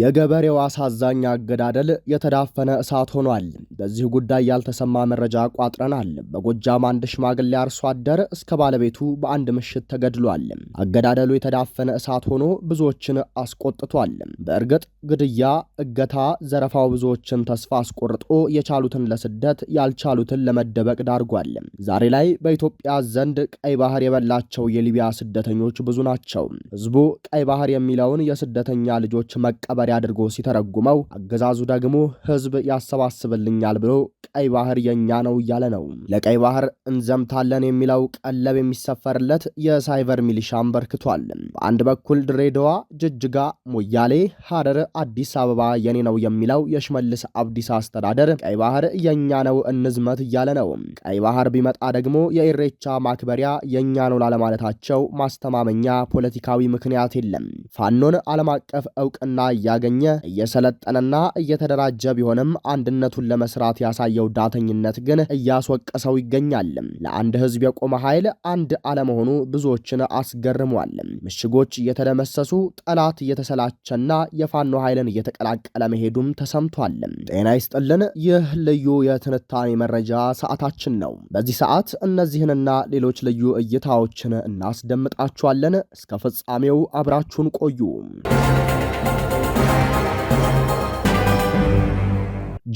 የገበሬው አሳዛኝ አገዳደል የተዳፈነ እሳት ሆኗል። በዚህ ጉዳይ ያልተሰማ መረጃ ቋጥረናል። በጎጃም አንድ ሽማግሌ አርሶ አደር እስከ ባለቤቱ በአንድ ምሽት ተገድሏል። አገዳደሉ የተዳፈነ እሳት ሆኖ ብዙዎችን አስቆጥቷል። በእርግጥ ግድያ፣ እገታ፣ ዘረፋው ብዙዎችን ተስፋ አስቆርጦ የቻሉትን ለስደት ያልቻሉትን ለመደበቅ ዳርጓል። ዛሬ ላይ በኢትዮጵያ ዘንድ ቀይ ባህር የበላቸው የሊቢያ ስደተኞች ብዙ ናቸው። ህዝቡ ቀይ ባህር የሚለውን የስደተኛ ልጆች መቀበል ማዳበሪያ አድርጎ ሲተረጉመው አገዛዙ ደግሞ ህዝብ ያሰባስብልኛል ብሎ ቀይ ባህር የኛ ነው እያለ ነው። ለቀይ ባህር እንዘምታለን የሚለው ቀለብ የሚሰፈርለት የሳይበር ሚሊሻ አንበርክቷል። በአንድ በኩል ድሬዳዋ፣ ጅጅጋ፣ ሞያሌ፣ ሐረር፣ አዲስ አበባ የኔ ነው የሚለው የሽመልስ አብዲስ አስተዳደር ቀይ ባህር የኛ ነው እንዝመት እያለ ነው። ቀይ ባህር ቢመጣ ደግሞ የኢሬቻ ማክበሪያ የእኛ ነው ላለማለታቸው ማስተማመኛ ፖለቲካዊ ምክንያት የለም። ፋኖን ዓለም አቀፍ እውቅና እያገኘ እየሰለጠነና እየተደራጀ ቢሆንም አንድነቱን ለመስራት ያሳየው የሚያሳየው ዳተኝነት ግን እያስወቀሰው ይገኛል። ለአንድ ህዝብ የቆመ ኃይል አንድ አለመሆኑ ብዙዎችን አስገርሟል። ምሽጎች እየተደመሰሱ ጠላት እየተሰላቸና የፋኖ ኃይልን እየተቀላቀለ መሄዱም ተሰምቷል። ጤና ይስጥልን። ይህ ልዩ የትንታኔ መረጃ ሰዓታችን ነው። በዚህ ሰዓት እነዚህንና ሌሎች ልዩ እይታዎችን እናስደምጣችኋለን። እስከ ፍጻሜው አብራችሁን ቆዩ።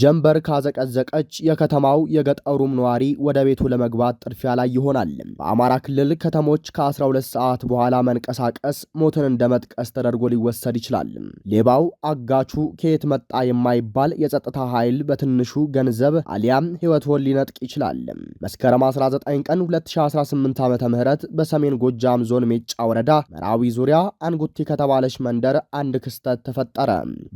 ጀንበር ካዘቀዘቀች የከተማው የገጠሩም ነዋሪ ወደ ቤቱ ለመግባት ጥድፊያ ላይ ይሆናል። በአማራ ክልል ከተሞች ከ12 ሰዓት በኋላ መንቀሳቀስ ሞትን እንደ መጥቀስ ተደርጎ ሊወሰድ ይችላል። ሌባው፣ አጋቹ ከየት መጣ የማይባል የጸጥታ ኃይል በትንሹ ገንዘብ አሊያም ሕይወትን ሊነጥቅ ይችላል። መስከረም 19 ቀን 2018 ዓ ም በሰሜን ጎጃም ዞን ሜጫ ወረዳ መራዊ ዙሪያ አንጉቲ ከተባለች መንደር አንድ ክስተት ተፈጠረ።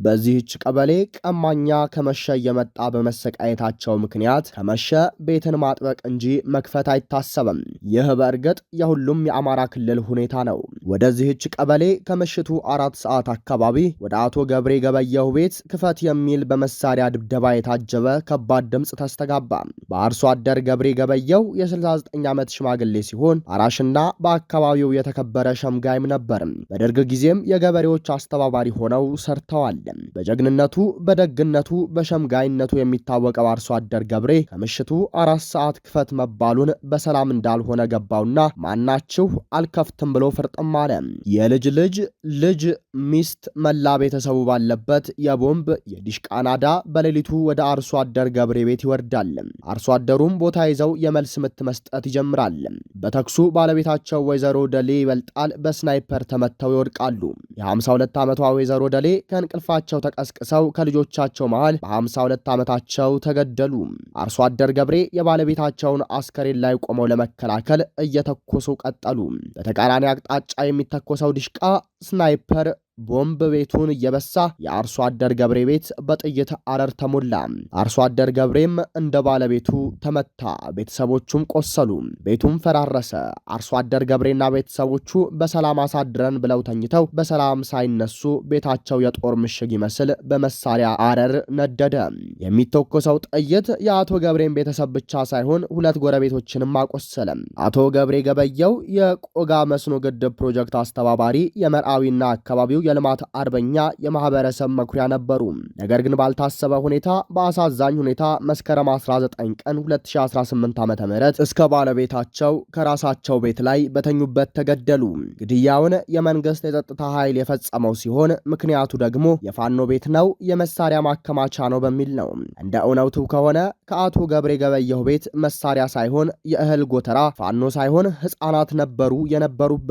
በዚህች ቀበሌ ቀማኛ ከመሸየ እየመጣ በመሰቃየታቸው ምክንያት ከመሸ ቤትን ማጥበቅ እንጂ መክፈት አይታሰብም። ይህ በእርግጥ የሁሉም የአማራ ክልል ሁኔታ ነው። ወደዚህች ቀበሌ ከምሽቱ አራት ሰዓት አካባቢ ወደ አቶ ገብሬ ገበየሁ ቤት ክፈት የሚል በመሳሪያ ድብደባ የታጀበ ከባድ ድምፅ ተስተጋባ። በአርሶ አደር ገብሬ ገበየሁ የ69 ዓመት ሽማግሌ ሲሆን አራሽና በአካባቢው የተከበረ ሸምጋይም ነበር። በደርግ ጊዜም የገበሬዎች አስተባባሪ ሆነው ሰርተዋል። በጀግንነቱ፣ በደግነቱ በሸምጋ በአገልጋይነቱ የሚታወቀው አርሶ አደር ገብሬ ከምሽቱ አራት ሰዓት ክፈት መባሉን በሰላም እንዳልሆነ ገባውና ማናችሁ አልከፍትም ብሎ ፍርጥም አለ። የልጅ ልጅ ልጅ ሚስት፣ መላ ቤተሰቡ ባለበት የቦምብ የዲሽቃ ናዳ በሌሊቱ ወደ አርሶ አደር ገብሬ ቤት ይወርዳል። አርሶ አደሩም ቦታ ይዘው የመልስ ምት መስጠት ይጀምራል። በተኩሱ ባለቤታቸው ወይዘሮ ደሌ ይበልጣል በስናይፐር ተመተው ይወድቃሉ። የ52 ዓመቷ ወይዘሮ ደሌ ከእንቅልፋቸው ተቀስቅሰው ከልጆቻቸው መሃል በ52 በ ዓመታቸው ተገደሉ። አርሶ አደር ገብሬ የባለቤታቸውን አስከሬን ላይ ቆመው ለመከላከል እየተኮሱ ቀጠሉ። በተቃራኒ አቅጣጫ የሚተኮሰው ዲሽቃ፣ ስናይፐር ቦምብ ቤቱን እየበሳ የአርሶ አደር ገብሬ ቤት በጥይት አረር ተሞላ። አርሶ አደር ገብሬም እንደ ባለቤቱ ተመታ፣ ቤተሰቦቹም ቆሰሉ። ቤቱም ፈራረሰ። አርሶ አደር ገብሬና ቤተሰቦቹ በሰላም አሳድረን ብለው ተኝተው በሰላም ሳይነሱ ቤታቸው የጦር ምሽግ ይመስል በመሳሪያ አረር ነደደ። የሚተኮሰው ጥይት የአቶ ገብሬን ቤተሰብ ብቻ ሳይሆን ሁለት ጎረቤቶችንም አቆሰለም። አቶ ገብሬ ገበየው የቆጋ መስኖ ግድብ ፕሮጀክት አስተባባሪ፣ የመርአዊና አካባቢው የልማት አርበኛ የማህበረሰብ መኩሪያ ነበሩ። ነገር ግን ባልታሰበ ሁኔታ በአሳዛኝ ሁኔታ መስከረም 19 ቀን 2018 ዓ ም እስከ ባለቤታቸው ከራሳቸው ቤት ላይ በተኙበት ተገደሉ። ግድያውን የመንግስት የጸጥታ ኃይል የፈጸመው ሲሆን ምክንያቱ ደግሞ የፋኖ ቤት ነው፣ የመሳሪያ ማከማቻ ነው በሚል ነው። እንደ እውነቱ ከሆነ ከአቶ ገብሬ ገበየሁ ቤት መሳሪያ ሳይሆን የእህል ጎተራ ፋኖ ሳይሆን ህፃናት ነበሩ የነበሩበት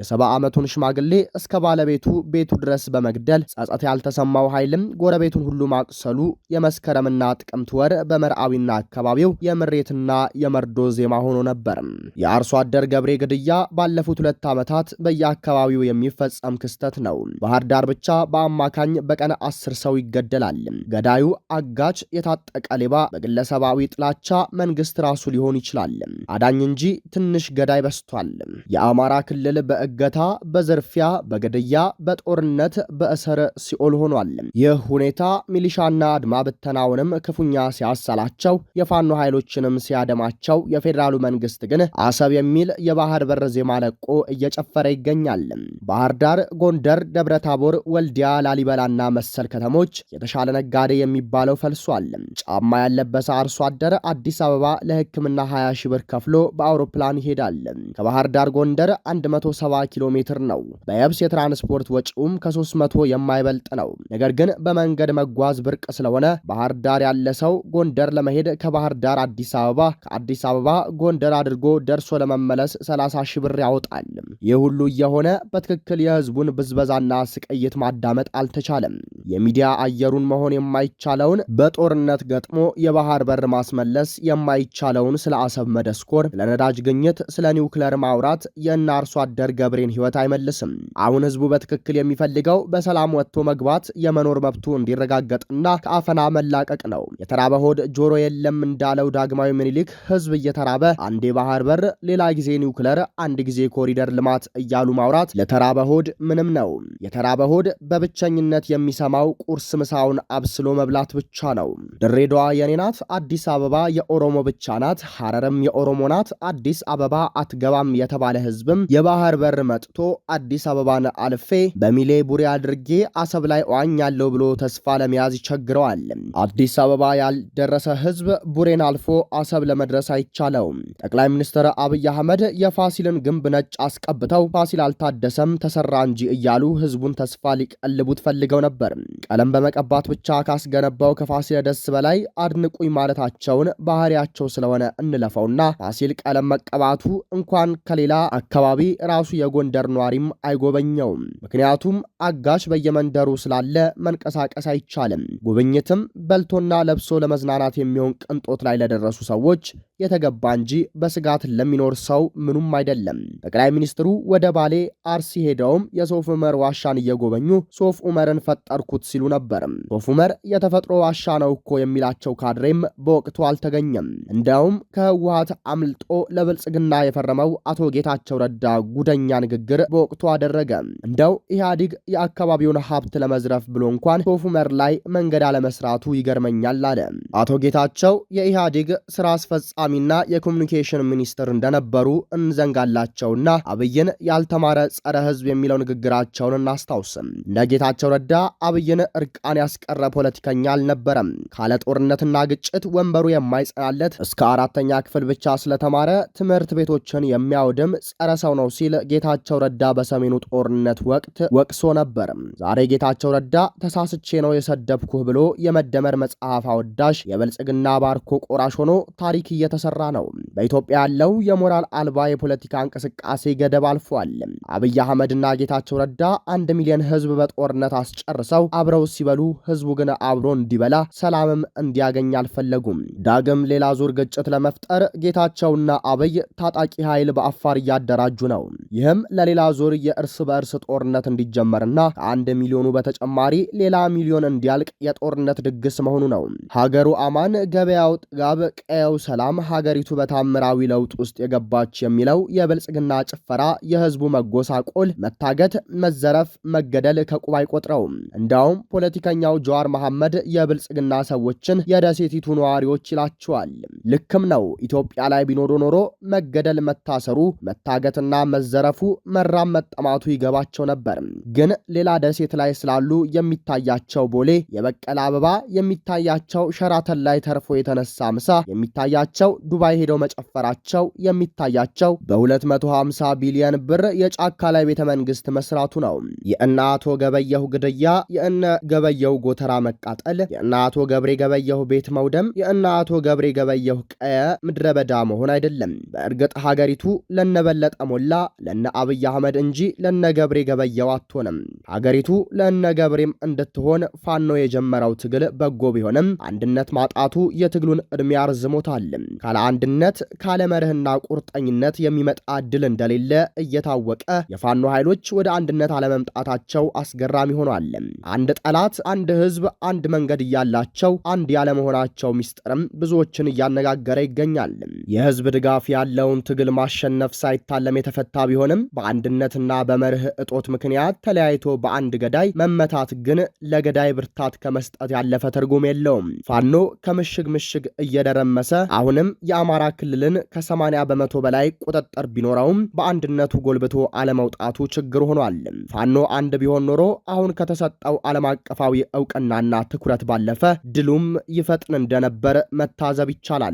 የሰባ ዓመቱን ሽማግሌ እስከ ባለቤቱ ቤቱ ድረስ በመግደል ጸጸት ያልተሰማው ኃይልም ጎረቤቱን ሁሉ ማቁሰሉ የመስከረምና ጥቅምት ወር በመርአዊና አካባቢው የምሬትና የመርዶ ዜማ ሆኖ ነበር። የአርሶ አደር ገብሬ ግድያ ባለፉት ሁለት ዓመታት በየአካባቢው የሚፈጸም ክስተት ነው። ባህር ዳር ብቻ በአማካኝ በቀን አስር ሰው ይገደላል። ገዳዩ አጋች፣ የታጠቀ ሌባ፣ በግለሰባዊ ጥላቻ መንግስት ራሱ ሊሆን ይችላል። አዳኝ እንጂ ትንሽ ገዳይ በስቷል። የአማራ ክልል በእገታ በዝርፊያ በግድያ በጦርነት በእስር ሲኦል ሆኗል። ይህ ሁኔታ ሚሊሻና አድማ ብተናውንም ክፉኛ ሲያሰላቸው፣ የፋኖ ኃይሎችንም ሲያደማቸው፣ የፌዴራሉ መንግስት ግን አሰብ የሚል የባህር በር ዜማ ለቆ እየጨፈረ ይገኛል። ባህር ዳር፣ ጎንደር፣ ደብረ ታቦር፣ ወልዲያ፣ ላሊበላና መሰል ከተሞች የተሻለ ነጋዴ የሚባለው ፈልሷል። ጫማ ያለበሰ አርሶ አደር አዲስ አበባ ለሕክምና 20 ሺ ብር ከፍሎ በአውሮፕላን ይሄዳል። ከባህር ዳር ጎንደር 170 ኪሎ ሜትር ነው። በየብስ የትራንስፖርት ወጪውም ከሶስት መቶ የማይበልጥ ነው። ነገር ግን በመንገድ መጓዝ ብርቅ ስለሆነ ባህር ዳር ያለ ሰው ጎንደር ለመሄድ ከባህር ዳር አዲስ አበባ፣ ከአዲስ አበባ ጎንደር አድርጎ ደርሶ ለመመለስ 30 ሺ ብር ያወጣል። ይህ ሁሉ እየሆነ በትክክል የህዝቡን ብዝበዛና ስቀይት ማዳመጥ አልተቻለም። የሚዲያ አየሩን መሆን የማይቻለውን በጦርነት ገጥሞ የባህር በር ማስመለስ የማይቻለውን ስለ አሰብ መደስኮር፣ ስለ ነዳጅ ግኝት፣ ስለ ኒውክለር ማውራት የእነ አርሶ አደር ገብሬን ህይወት አይመልስም። አሁን ህዝቡ በትክክል የሚፈልገው በሰላም ወጥቶ መግባት፣ የመኖር መብቱ እንዲረጋገጥና ከአፈና መላቀቅ ነው። የተራበ ሆድ ጆሮ የለም እንዳለው ዳግማዊ ምኒልክ ህዝብ እየተራበ አንዴ ባህር በር፣ ሌላ ጊዜ ኒውክለር፣ አንድ ጊዜ ኮሪደር ልማ ተቋማት እያሉ ማውራት ለተራበ ሆድ ምንም ነው። የተራበ ሆድ በብቸኝነት የሚሰማው ቁርስ ምሳውን አብስሎ መብላት ብቻ ነው። ድሬዳዋ የኔ ናት፣ አዲስ አበባ የኦሮሞ ብቻ ናት፣ ሐረርም የኦሮሞ ናት፣ አዲስ አበባ አትገባም የተባለ ህዝብም የባህር በር መጥቶ አዲስ አበባን አልፌ በሚሌ ቡሬ አድርጌ አሰብ ላይ ዋኛለሁ ብሎ ተስፋ ለመያዝ ይቸግረዋል። አዲስ አበባ ያልደረሰ ህዝብ ቡሬን አልፎ አሰብ ለመድረስ አይቻለውም። ጠቅላይ ሚኒስትር አብይ አህመድ የፋሲልን ግንብ ነጭ አስቀብ አሰናብተው ፋሲል አልታደሰም ተሰራ እንጂ እያሉ ህዝቡን ተስፋ ሊቀልቡት ፈልገው ነበር። ቀለም በመቀባት ብቻ ካስገነባው ከፋሲለደስ በላይ አድንቁኝ ማለታቸውን ባህሪያቸው ስለሆነ እንለፈውና ፋሲል ቀለም መቀባቱ እንኳን ከሌላ አካባቢ ራሱ የጎንደር ኗሪም አይጎበኘውም። ምክንያቱም አጋሽ በየመንደሩ ስላለ መንቀሳቀስ አይቻልም። ጉብኝትም በልቶና ለብሶ ለመዝናናት የሚሆን ቅንጦት ላይ ለደረሱ ሰዎች የተገባ እንጂ በስጋት ለሚኖር ሰው ምኑም አይደለም። ጠቅላይ ሚኒስትሩ ወደ ባሌ አርሲ ሄደውም የሶፍ ዑመር ዋሻን እየጎበኙ ሶፍ ዑመርን ፈጠርኩት ሲሉ ነበር። ሶፍ ዑመር የተፈጥሮ ዋሻ ነው እኮ የሚላቸው ካድሬም በወቅቱ አልተገኘም። እንዲያውም ከህወሀት አምልጦ ለብልጽግና የፈረመው አቶ ጌታቸው ረዳ ጉደኛ ንግግር በወቅቱ አደረገ። እንደው ኢህአዲግ የአካባቢውን ሀብት ለመዝረፍ ብሎ እንኳን ሶፍ ዑመር ላይ መንገድ አለመስራቱ ይገርመኛል አለ አቶ ጌታቸው። የኢህአዲግ ስራ አስፈጻሚ ተፈጻሚና የኮሚኒኬሽን ሚኒስትር እንደነበሩ እንዘንጋላቸውና አብይን ያልተማረ ጸረ ህዝብ የሚለው ንግግራቸውን እናስታውስም። እንደ ጌታቸው ረዳ አብይን እርቃን ያስቀረ ፖለቲከኛ አልነበረም። ካለ ጦርነትና ግጭት ወንበሩ የማይጸናለት እስከ አራተኛ ክፍል ብቻ ስለተማረ ትምህርት ቤቶችን የሚያወድም ጸረ ሰው ነው ሲል ጌታቸው ረዳ በሰሜኑ ጦርነት ወቅት ወቅሶ ነበር። ዛሬ ጌታቸው ረዳ ተሳስቼ ነው የሰደብኩህ ብሎ የመደመር መጽሐፍ አወዳሽ የብልጽግና ባርኮ ቆራሽ ሆኖ ታሪክ እየተ እየተሰራ ነው። በኢትዮጵያ ያለው የሞራል አልባ የፖለቲካ እንቅስቃሴ ገደብ አልፏል። አብይ አህመድና ጌታቸው ረዳ አንድ ሚሊዮን ህዝብ በጦርነት አስጨርሰው አብረው ሲበሉ ህዝቡ ግን አብሮ እንዲበላ ሰላምም እንዲያገኝ አልፈለጉም። ዳግም ሌላ ዙር ግጭት ለመፍጠር ጌታቸውና አብይ ታጣቂ ኃይል በአፋር እያደራጁ ነው። ይህም ለሌላ ዙር የእርስ በእርስ ጦርነት እንዲጀመርና ከአንድ ሚሊዮኑ በተጨማሪ ሌላ ሚሊዮን እንዲያልቅ የጦርነት ድግስ መሆኑ ነው። ሀገሩ አማን፣ ገበያው ጥጋብ፣ ቀየው ሰላም፣ ሀገሪቱ በታምራዊ ለውጥ ውስጥ የገባች የሚለው የብልጽግና ጭፈራ የህዝቡ መጎሳቆል፣ መታገት፣ መዘረፍ፣ መገደል ከቁብ አይቆጥረውም። እንዲያውም ፖለቲከኛው ጀዋር መሐመድ የብልጽግና ሰዎችን የደሴቲቱ ነዋሪዎች ይላቸዋል። ልክም ነው። ኢትዮጵያ ላይ ቢኖሮ ኖሮ መገደል፣ መታሰሩ፣ መታገትና መዘረፉ መራም መጠማቱ ይገባቸው ነበር። ግን ሌላ ደሴት ላይ ስላሉ የሚታያቸው ቦሌ የበቀለ አበባ፣ የሚታያቸው ሸራተን ላይ ተርፎ የተነሳ ምሳ፣ የሚታያቸው ዱባይ ሄደው መጨፈራቸው የሚታያቸው በ250 ቢሊዮን ብር የጫካ ላይ ቤተ መንግስት መስራቱ ነው። የእነ አቶ ገበየሁ ግድያ፣ የእነ ገበየሁ ጎተራ መቃጠል፣ የእነ አቶ ገብሬ ገበየሁ ቤት መውደም፣ የእነ አቶ ገብሬ ገበየሁ ቀየ ምድረ በዳ መሆን አይደለም። በእርግጥ ሀገሪቱ ለነበለጠ ሞላ ለነ አብይ አህመድ እንጂ ለነ ገብሬ ገበየሁ አትሆንም። ሀገሪቱ ለነ ገብሬም እንድትሆን ፋኖ የጀመረው ትግል በጎ ቢሆንም አንድነት ማጣቱ የትግሉን ዕድሜ ያርዝሞታል። ካለ አንድነት ካለ መርህና ቁርጠኝነት የሚመጣ ድል እንደሌለ እየታወቀ የፋኖ ኃይሎች ወደ አንድነት አለመምጣታቸው አስገራሚ ሆኗል። አንድ ጠላት፣ አንድ ህዝብ፣ አንድ መንገድ እያላቸው አንድ ያለመሆናቸው ሚስጥርም ብዙዎችን እያነጋገረ ይገኛል። የህዝብ ድጋፍ ያለውን ትግል ማሸነፍ ሳይታለም የተፈታ ቢሆንም በአንድነትና በመርህ እጦት ምክንያት ተለያይቶ በአንድ ገዳይ መመታት ግን ለገዳይ ብርታት ከመስጠት ያለፈ ትርጉም የለውም። ፋኖ ከምሽግ ምሽግ እየደረመሰ አሁንም ቢሆንም የአማራ ክልልን ከ80 በመቶ በላይ ቁጥጥር ቢኖረውም በአንድነቱ ጎልብቶ አለመውጣቱ ችግር ሆኗል። ፋኖ አንድ ቢሆን ኖሮ አሁን ከተሰጠው ዓለም አቀፋዊ እውቅናና ትኩረት ባለፈ ድሉም ይፈጥን እንደነበር መታዘብ ይቻላል።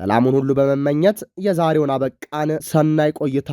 ሰላሙን ሁሉ በመመኘት የዛሬውን አበቃን። ሰናይ ቆይታ